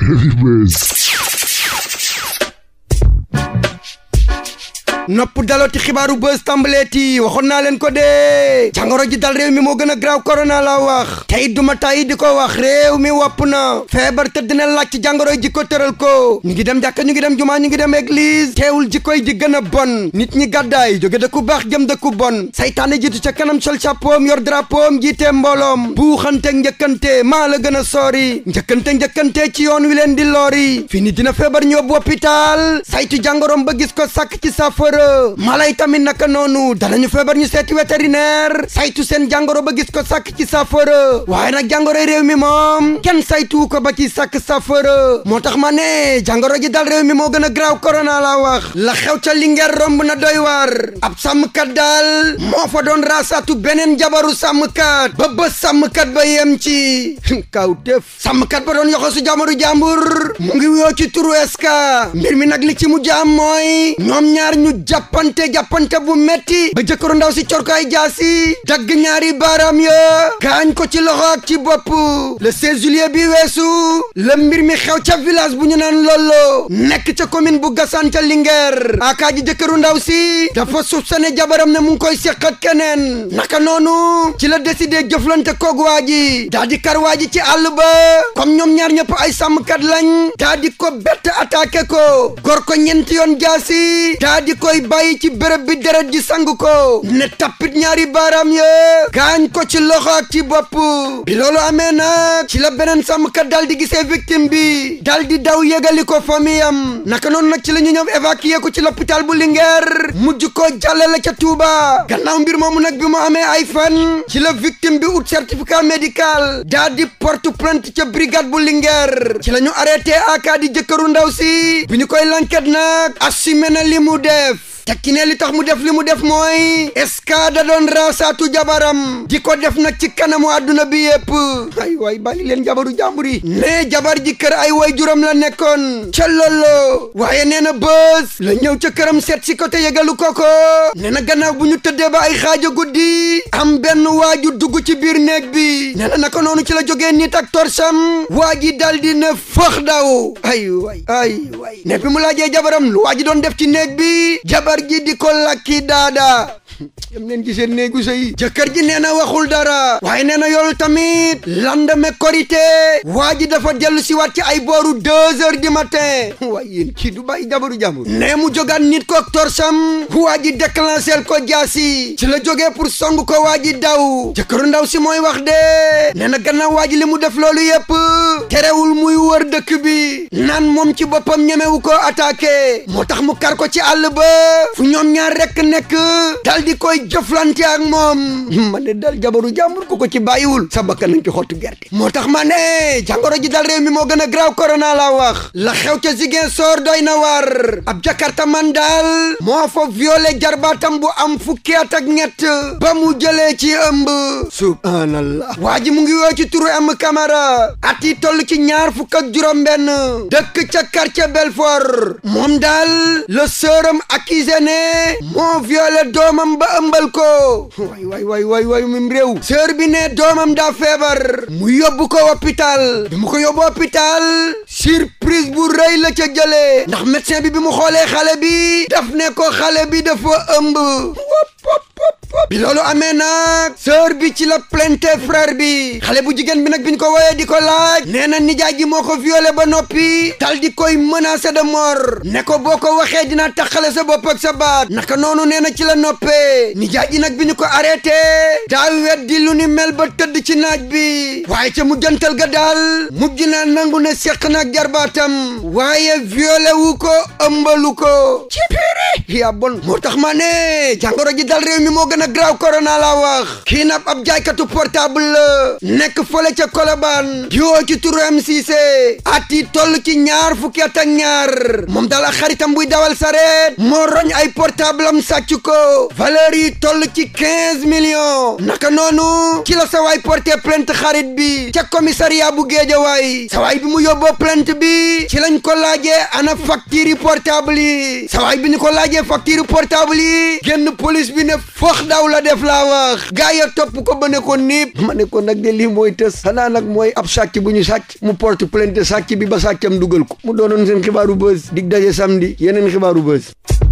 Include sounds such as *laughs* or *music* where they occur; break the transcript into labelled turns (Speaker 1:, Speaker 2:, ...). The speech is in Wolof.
Speaker 1: Anyways. nopp dalooti xibaaru bës tàmbaleeti waxoon naa leen ko dee jàngoro ji dal réew mi moo gën a graaw korona la wax tey duma tàyyi di ko wax réew mi wopp na feebar te dina laaj ci jàngoro ji ko tëral ko ñu ngi dem jàkka ñu ngi dem jumaa ñu ngi dem église teewul ji koy di gën a bon nit ñi gàddaay jóge dëkku baax jëm dëkku bon saytaane ji ca kanam sol chapeau yor drapeau jiite mbooloom buuxante njëkkante maa la gën a soori njëkkante njëkkante ci yoon wi di loori fini dina feebar ñëw bu hôpital saytu jàngoroom ba docteur malay tamit naka noonu ñu feebar ñu seeti vétérinaire saytu seen jàngoro ba gis ko sakk ci saafara waaye nag jàngoroy réew mi moom kenn saytu ko ba ci sakk saafara moo tax ma ne jàngoro ji dal réew mi moo gën a graaw corona la wax la xew ca Linguère romb na doy waar ab sàmmkat daal moo fa doon raasaatu beneen jabaru sàmmkat ba ba sàmmkat ba yem ci *laughs* kaw def sàmmkat ba doon yoxo su jamoru mu ngi wuyoo ci turu eska mbir mi nag li ci mu jaam mooy ñoom ñaar ñu jàppante jàppante bu metti ba jëkkëru ndaw si cor ko ay jaasi dagg ñaari baaraam ya gaañ ko ci loxo ak ci bopp le 16 juillet bi weesu la mbir mi xew ca village bu ñu naan lollo nekk ca commune bu gasaan ca Linguère akaa ji jëkkëru ndaw si dafa soupçonné jabaram na mu ngi koy séq ak keneen naka noonu ci la décidé jëflante koog waa ji ji ci àll ba comme ñoom ñaar ñëpp ay sàmmkat lañ daa di ko bett attaqué ko gor ñeenti yoon jaasi daa ko lay bàyyi ci béréb bi deret ji sang ko ne tappit ñaari baaraam ya gaañ ko ci loxo ak ci bopp bi loolu amee nag ci la beneen sàmmkat dal di gisee victime bi dal di daw yëgali ko famiyam naka noon nag ci lañu ñu ñëw évacuer ko ci l'hôpital bu Linguère mujj ko jàllale ca Touba gannaaw mbir moomu nag bi mu amee ay fan ci la victime bi ut certificat médical daal di porte plainte ca brigade bu Linguère ci la ñu arrêté aka di jëkkëru ndaw si bi ñu koy lanket nag assumé tekki ne li tax mu def li mu def mooy est-ce que da doon raasaatu jabaram di ko def nag ci kanamu àdduna bi yépp ay waay bàyyi leen jabaru jàmbur yi jabar ji kër ay way juram la nekkoon ca loolu waaye nee na bës la ñëw ca këram seet si ko te yëgalu koko nee na gannaaw bu ñu tëddee ba ay xaaja guddi am benn waaju dugg ci biir néeg bi nee na naka noonu ci la jógee nit ak torsam waa ji dal di ne fëx daw ay waay waay ne bi mu laajee jabaram lu waa doon def ci néeg bi far gi di ko lakki daada *laughs* dem leen ci seen néegu sëy jëkkër ji nee na waxul dara waaye nee na yoolu tamit lendemain korité waa ji dafa dellu si waat ci ay booru deux heures du matin *laughs* waaye yéen kii du bàyyi jabaru jàmbur nee mu jogaat nit ko torsam waa ji déclenché ko jaasi ci la jógee pour song ko waa ji daw jëkkëru ndaw si mooy wax de nee na gannaaw waa ji li mu def loolu yépp terewul muy wër dëkk bi naan moom ci boppam ñemewu ko attaqué moo tax mu kar ko ci àll ba fu ñoom ñaar rekk nekk dal di koy jëflante ak moom *laughs* ma ne dal jabaru jàmbur ku ko ci bàyyiwul sa bakkan nañ ci xottu gerte moo tax ma ne jàngoro ji dal réew mi moo gën a graaw corona laa wax la xew ca Ziguinchor doy na war ab jakarta man daal moo fa violé jarbaatam bu am fukki at ak ba mu jëlee ci ëmb subhanallah waa ji mu ngi woo ci turu am Camara at yi toll ci ñaar fukk ak juróom benn dëkk ca quartier Belfort moom daal le sœuram accusé ne moo violé doomam ba ëmb jëmbal ko waay waay waay waay waay mim réew sœur bi ne doomam daa feebar mu yóbbu ko hôpital bi mu ko yóbbu hôpital surprise bu rëy la ca jëlee ndax médecin bi bi mu xoolee xale bi daf ne ko xale bi dafa ëmb wop wop bi loolu amee nag sœur bi ci la plainte frère bi xale bu jigéen bi nag bi ñu ko woyee di ko laaj nee na nijaay ji moo ko violé ba noppi tal di koy menacé de mor ne ko boo ko waxee dinaa taxale sa bopp ak sa baat naka noonu nee na ci la noppee nijaay ji nag bi ñu ko arrêté daa weddi lu ni mel ba tëdd ci naaj bi waaye ca mujjantal ga daal mujj naa nangu ne seq naag jarbaatam waaye violé wu ko ëmbalu ko yaa moo tax ma ne jàngoro ji dal réew mi moo gën a graaw corona la wax kii nag ab jaaykatu portable la nekk fële ca Colobane di woo ci turu M6 at yi toll ci ñaar fu at ak ñaar moom daal ak xaritam buy dawal sareet moo roñ ay portable am sàcc ko valeur yi toll ci quinze millions naka noonu ci la sa waay porté xarit bi ca commissariat bu Géejawaay sa waay bi mu yóbboo plainte bi ci lañ ko laajee ana facture yi portable bi ni ko laajee facture portable yi génn police bi ne fox daw la def laa wax gaa ya topp ko ba ne ko niip ma ne nag de lii mooy tës xanaa nag mooy ab sàcc bu ñu sàcc mu porte plainte sàcc bi ba sàccam dugal ko mu doonoon seen xibaaru buzz dig daje samedi yeneen xibaaru buzz